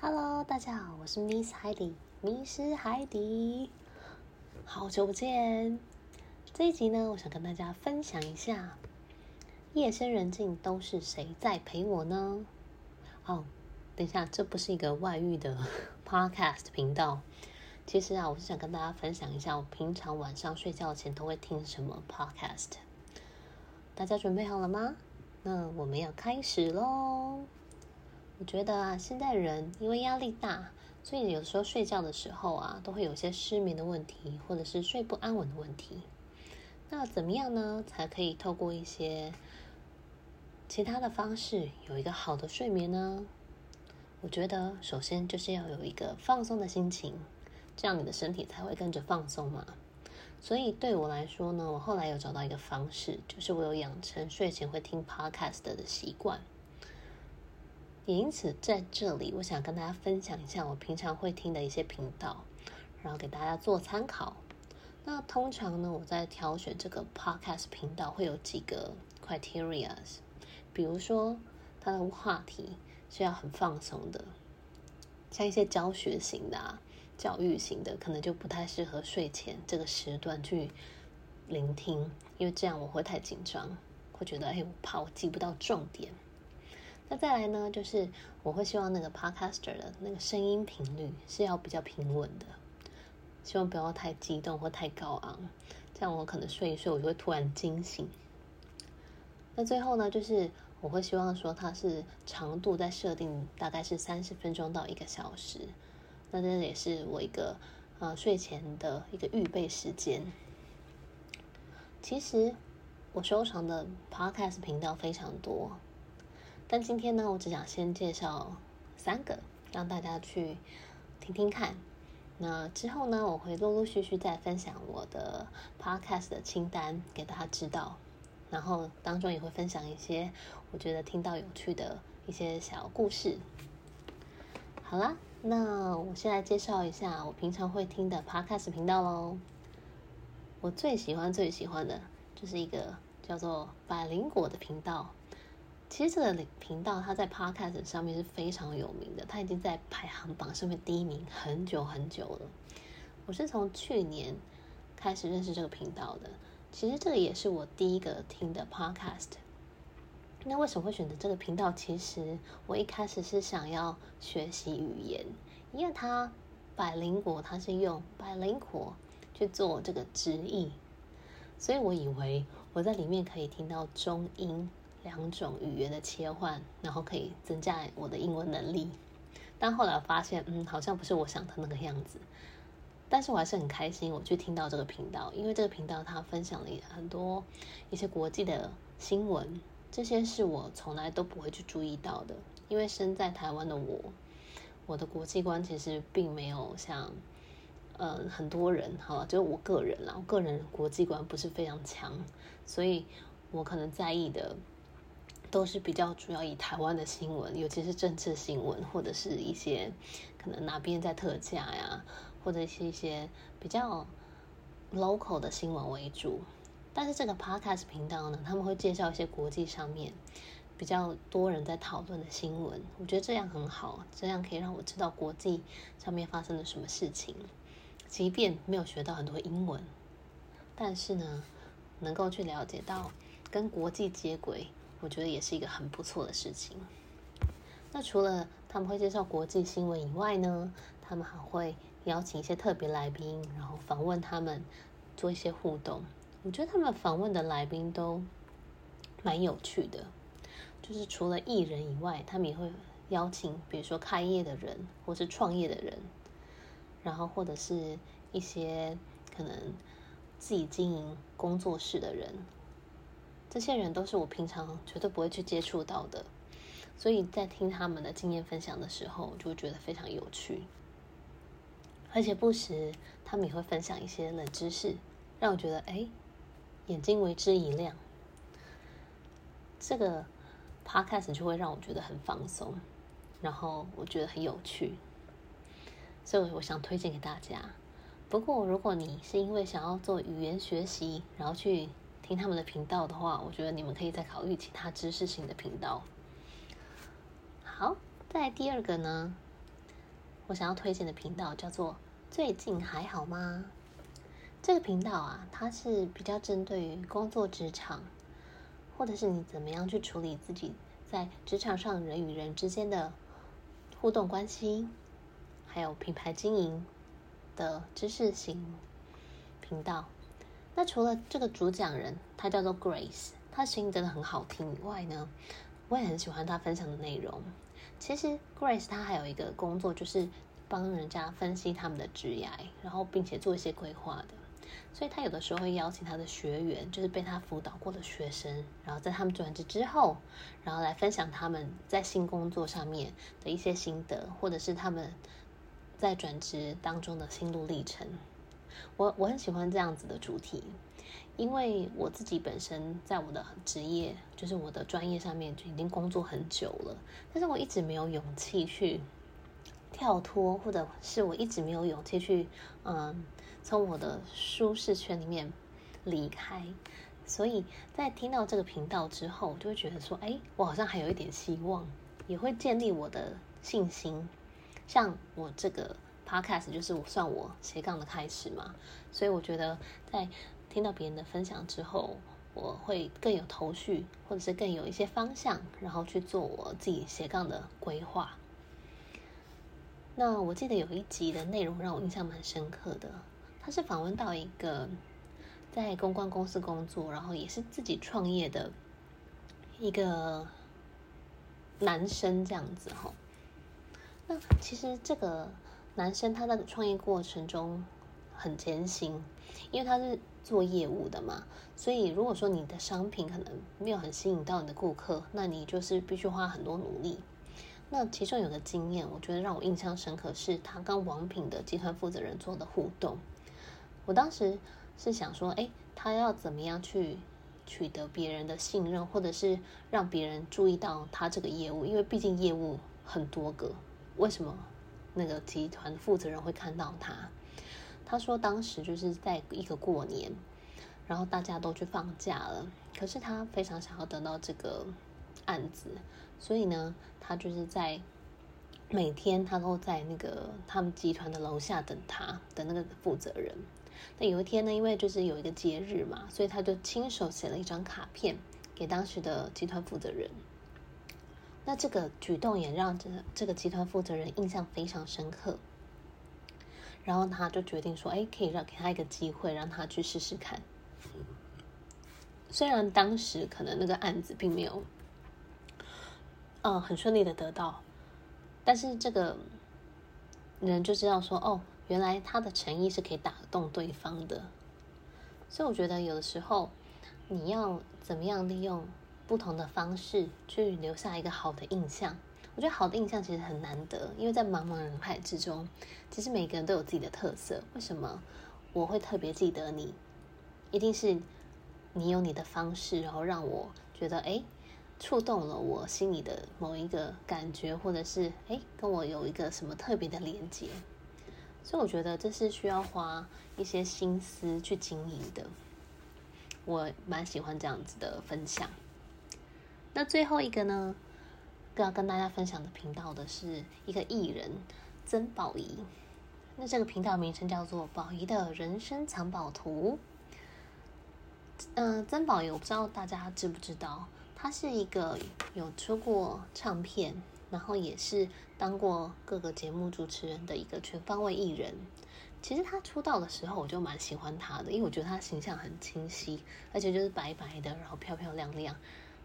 Hello，大家好，我是 Miss Heidi，迷失海底。好久不見，這一集呢，我想跟大家分享一下，夜深人靜都是誰在陪我呢？哦，等一下，這不是一個外遇的 Podcast 頻道。其實啊，我是想跟大家分享一下，我平常晚上睡覺前都會聽什麼 Podcast。大家準備好了嗎？那我們要開始嘍。我覺得啊，現在人因為壓力大，所以有時候睡覺的時候啊，都會有一些失眠的問題，或者是睡不安穩的問題。那怎麼樣呢，才可以透過一些其他的方式，有一個好的睡眠呢？我覺得首先就是要有一個放鬆的心情，這樣你的身體才會跟着放鬆嘛。所以對我來說呢，我後來有找到一個方式，就是我有養成睡前會聽 podcast 的習慣。也因此，在這裡，我想跟大家分享一下我平常會聽的一些頻道，然後給大家做參考。那通常呢，我在挑選這個 podcast 頻道會有幾個 criterias，比如說它的話題是要很放鬆的，像一些教學型的啊，教育型的，可能就不太適合睡前這個時段去聆聽，因為這樣我會太緊張，會覺得哎、欸，我怕我記不到重點。那再來呢，就是我會希望那個 podcaster 的那個聲音頻率是要比較平穩的，希望不要太激動或太高昂，這樣我可能睡一睡我就會突然驚醒。那最後呢，就是我會希望說它是長度在設定大概是三十分鐘到一個小時，那這也是我一個呃睡前的一個預備時間。其實我收藏的 podcast 頻道非常多。但今天呢，我只想先介紹三個，讓大家去聽聽看。那之後呢，我會陸陸續續再分享我的 podcast 的清單給大家知道，然後當中也會分享一些我覺得聽到有趣的一些小故事。好啦，那我先來介紹一下我平常會聽的 podcast 頻道嘍。我最喜歡最喜歡的，就是一個叫做百靈果的頻道。其實這個頻道它在 Podcast 上面是非常有名的，它已經在排行榜上面第一名很久很久了。我是從去年開始認識這個頻道的，其實這個也是我第一個聽的 Podcast。那為什麼會選擇這個頻道？其實我一開始是想要學習語言，因為它百靈果它是用百靈果去做這個直譯，所以我以為我在裡面可以聽到中英。兩種語言的切換，然後可以增加我的英文能力。但後來發現，嗯，好像不是我想的那個樣子。但是我還是很開心，我去聽到這個頻道，因為這個頻道它分享了很多一些國際的新聞，這些是我從來都不會去注意到的。因為身在台灣的我，我的國際觀其實並沒有像，嗯，很多人好了，就我個人啦，我個人國際觀不是非常強，所以我可能在意的都是比較主要以台灣的新聞，尤其是政治新聞，或者是一些可能哪邊在特價呀，或者是一些比較 local 的新聞為主。但是這個 podcast 頻道呢，他們會介紹一些國際上面比較多人在討論的新聞。我覺得這樣很好，這樣可以讓我知道國際上面發生了什麼事情。即便沒有學到很多英文，但是呢，能夠去了解到跟國際接軌。我覺得也是一個很不錯的事情。那除了他們會介紹國際新聞以外呢，他們還會邀請一些特別來賓，然後訪問他們，做一些互動。我覺得他們訪問的來賓都蠻有趣的，就是除了藝人以外，他們也會邀請，比如說開業的人，或是創業的人，然後或者是一些可能自己經營工作室的人。這些人都是我平常絕對不會去接觸到的，所以在聽他們的經驗分享的時候，我就會覺得非常有趣。而且不時他們也會分享一些冷知識，讓我覺得哎、欸，眼睛為之一亮。這個 podcast 就會讓我覺得很放鬆，然後我覺得很有趣，所以我想推薦給大家。不過如果你是因為想要做語言學習，然後去聽他們的頻道的話，我覺得你們可以再考慮其他知識型的頻道。好，再來第二個呢，我想要推薦的頻道叫做“最近還好嗎”這個頻道啊，它是比較針對於工作職場，或者是你怎麼樣去處理自己在職場上人與人之間的互動關係，還有品牌經營的知識型頻道。那除了這個主講人，他叫做 Grace，他的聲音真的很好聽以外呢，我也很喜歡他分享的內容。其實 Grace 他還有一個工作，就是幫人家分析他們的職涯，然後並且做一些規劃的。所以他有的時候會邀請他的學員，就是被他輔導過的學生，然後在他們轉職之後，然後來分享他們在新工作上面的一些心得，或者是他們在轉職當中的心路歷程。我我很喜歡這樣子的主題，因為我自己本身在我的職業，就是我的專業上面就已經工作很久了，但是我一直沒有勇氣去跳脫，或者是我一直沒有勇氣去，嗯、呃，從我的舒適圈裡面離開。所以在聽到這個頻道之後，我就會覺得說，哎，我好像還有一點希望，也會建立我的信心，像我這個。Podcast 就是我算我斜槓的開始嘛，所以我覺得在聽到別人的分享之後，我會更有頭緒，或者是更有一些方向，然後去做我自己斜槓的規劃。那我記得有一集的內容讓我印象蠻深刻的，他是訪問到一個在公關公司工作，然後也是自己創業的一個男生這樣子哈、哦。那其實這個。男生他在創業過程中很艱辛，因為他是做業務的嘛，所以如果說你的商品可能沒有很吸引到你的顧客，那你就是必須花很多努力。那其中有個經驗，我覺得讓我印象深刻是他跟王品的集團負責人做的互動。我當時是想說，哎，他要怎麼樣去取得別人的信任，或者是讓別人注意到他這個業務？因為畢竟業務很多個，為什麼？那個集團負責人會看到他。他說當時就是在一個過年，然後大家都去放假了，可是他非常想要得到這個案子，所以呢，他就是在每天他都在那個他們集團的樓下等他的那個負責人。那有一天呢，因為就是有一個節日嘛，所以他就親手寫了一張卡片給當時的集團負責人。那這個舉動也讓這個集團負責人印象非常深刻，然後他就決定說：“哎，可以讓給他一個機會，讓他去試試看。”雖然當時可能那個案子並沒有，嗯、呃，很順利的得到，但是這個人就知道說：“哦，原來他的誠意是可以打動對方的。”所以我覺得有的時候你要怎麼樣利用。不同的方式去留下一個好的印象，我覺得好的印象其實很難得，因為在茫茫人海之中，其實每個人都有自己的特色。為什麼我會特別記得你？一定是你有你的方式，然後讓我覺得，哎、欸，觸動了我心裡的某一個感覺，或者是哎、欸，跟我有一個什麼特別的連接。所以我覺得這是需要花一些心思去經營的。我蠻喜歡這樣子的分享。那最後一個呢，要跟大家分享的頻道的是一個藝人曾寶儀。那這個頻道名稱叫做寶儀的人生藏寶圖。嗯、呃，曾寶儀我不知道大家知不知道，她是一個有出過唱片，然後也是當過各個節目主持人的一個全方位藝人。其實她出道的時候我就蠻喜歡她的，因為我覺得她形象很清晰，而且就是白白的，然後漂漂亮亮。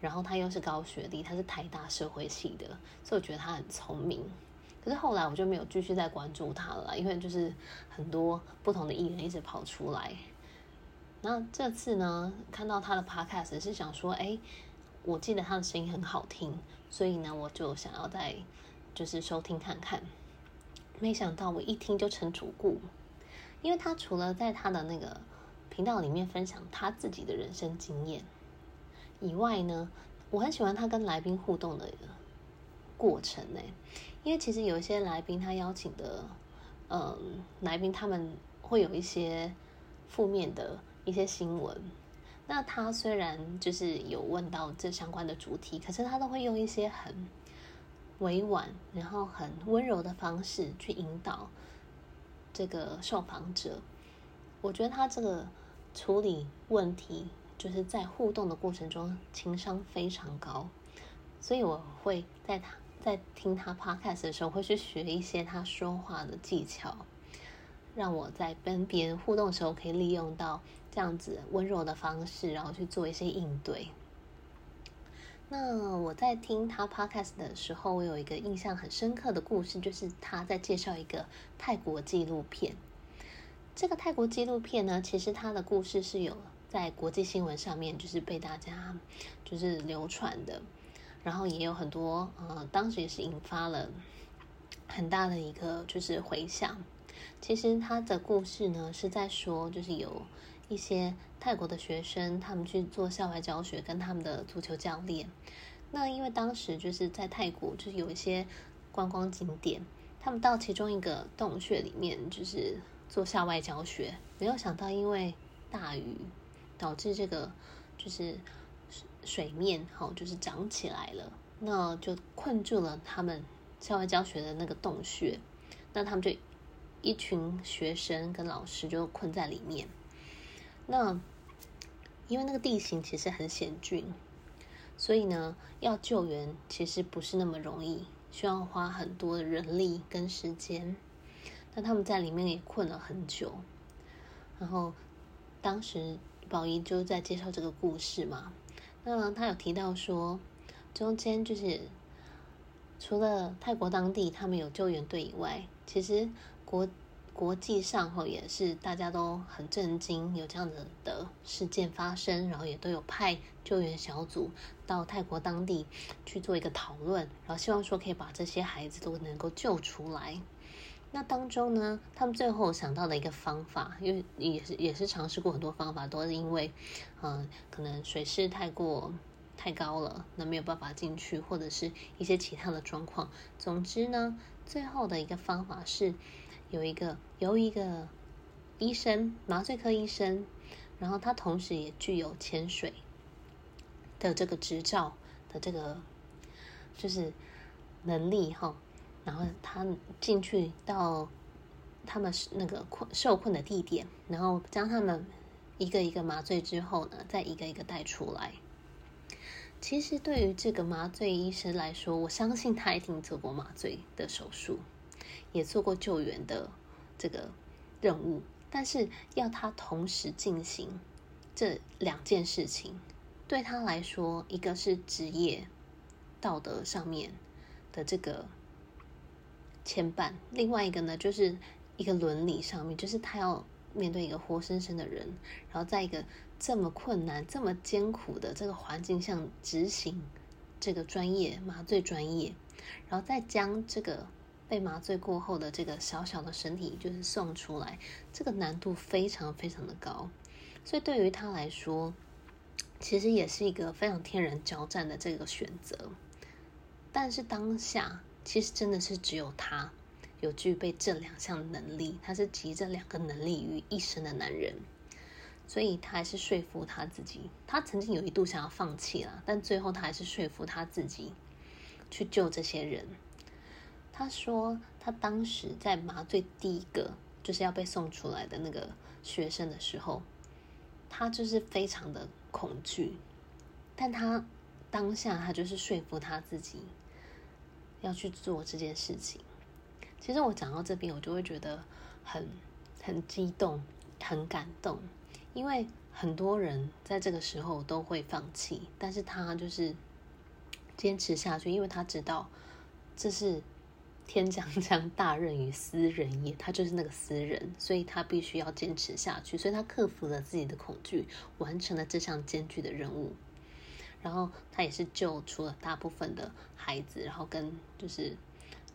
然後他又是高學歷，他是台大社會系的，所以我覺得他很聰明。可是後來我就沒有繼續再關注他了，因為就是很多不同的藝人一直跑出來。那這次呢，看到他的 Podcast 是想說，哎，我記得他的聲音很好聽，所以呢，我就想要再就是收聽看看。沒想到我一聽就成主顧，因為他除了在他的那個頻道裡面分享他自己的人生經驗。以外呢，我很喜歡他跟來賓互動的過程呢、欸，因為其實有一些來賓他邀請的，嗯，來賓他們會有一些負面的一些新聞，那他雖然就是有問到這相關的主題，可是他都會用一些很委婉，然後很溫柔的方式去引導這個受訪者，我覺得他這個處理問題。就是在互動的過程中，情商非常高，所以我會在他在聽他 podcast 的時候，會去學一些他說話的技巧，讓我在跟別人互動的時候可以利用到這樣子溫柔的方式，然後去做一些應對。那我在聽他 podcast 的時候，我有一個印象很深刻的故事，就是他在介紹一個泰國紀錄片。這個泰國紀錄片呢，其實它的故事是有。在國際新聞上面，就是被大家就是流傳的，然後也有很多呃，當時也是引發了很大的一個就是回響。其實他的故事呢是在說，就是有一些泰國的學生他們去做校外教學，跟他們的足球教練。那因為當時就是在泰國，就是有一些觀光景點，他們到其中一個洞穴裡面就是做校外教學，沒有想到因為大雨。導致這個就是水面，好，就是漲起來了，那就困住了他們校外教學的那個洞穴，那他們就一群學生跟老師就困在裡面。那因為那個地形其實很險峻，所以呢，要救援其實不是那麼容易，需要花很多的人力跟時間。那他們在裡面也困了很久，然後當時。寶儀就在介紹這個故事嘛，那他有提到說，中間就是除了泰國當地他們有救援隊以外，其實國國際上後也是大家都很震驚有這樣子的事件發生，然後也都有派救援小組到泰國當地去做一個討論，然後希望說可以把這些孩子都能夠救出來。那當中呢，他們最後想到的一個方法，因為也是也是嘗試過很多方法，都是因為，嗯、呃，可能水勢太過太高了，那沒有辦法進去，或者是一些其他的狀況。總之呢，最後的一個方法是有一個有一個醫生，麻醉科醫生，然後他同時也具有潛水的這個執照的這個就是能力哈。然後他進去到他們那個困受困的地點，然後將他們一個一個麻醉之後呢，再一個一個帶出來。其實對於這個麻醉醫生來說，我相信他一定做過麻醉的手術，也做過救援的這個任務。但是要他同時進行這兩件事情，對他來說，一個是職業道德上面的這個。牽絆，另外一個呢，就是一個倫理上面，就是他要面對一個活生生的人，然後在一個這麼困難、這麼艱苦的這個環境下執行這個專業，麻醉專業，然後再將這個被麻醉過後的這個小小的身體，就是送出來，這個難度非常非常的高，所以對於他來說，其實也是一個非常天人交戰的這個選擇，但是當下，其實真的是只有他有具備這兩項能力，他是集這兩個能力於一身的男人，所以他還是說服他自己。他曾經有一度想要放棄啦，但最後他還是說服他自己去救這些人。他說，他當時在麻醉第一個就是要被送出來的那個學生的時候，他就是非常的恐懼，但他當下他就是說服他自己。要去做這件事情，其實我講到這邊，我就會覺得很很激動，很感動，因為很多人在這個時候都會放棄，但是他就是堅持下去，因為他知道這是天將降大任於斯人也，他就是那個斯人，所以他必須要堅持下去，所以他克服了自己的恐懼，完成了這項艱鉅的任務。然後他也是救出了大部分的孩子，然後跟就是，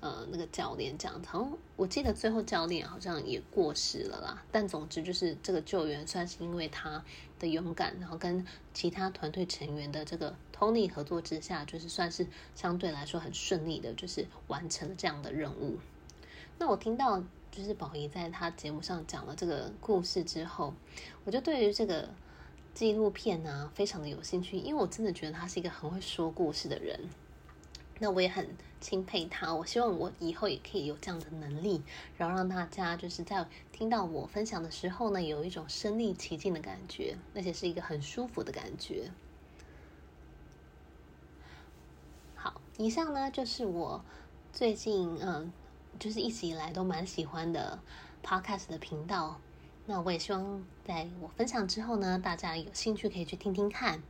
呃，那個教練這樣，然後我記得最後教練好像也過世了啦。但總之就是這個救援算是因為他的勇敢，然後跟其他團隊成員的這個通力合作之下，就是算是相對來說很順利的，就是完成了這樣的任務。那我聽到就是寶儀在他節目上講了這個故事之後，我就對於這個。紀錄片呢、啊，非常的有興趣，因為我真的覺得他是一個很會說故事的人，那我也很欽佩他。我希望我以後也可以有這樣的能力，然後讓大家就是在聽到我分享的時候呢，有一種身歷其境的感覺，而且是一個很舒服的感覺。好，以上呢就是我最近嗯，就是一直以來都蠻喜歡的 Podcast 的頻道。那我也希望在我分享之後呢，大家有興趣可以去聽聽看。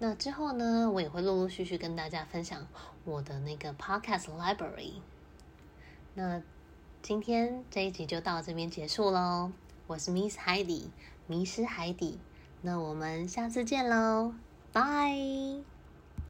那之後呢，我也會陸陸續續跟大家分享我的那個 Podcast Library。那今天這一集就到這邊結束嘍。我是 Miss Heidi，迷失海底。那我們下次見嘍，拜。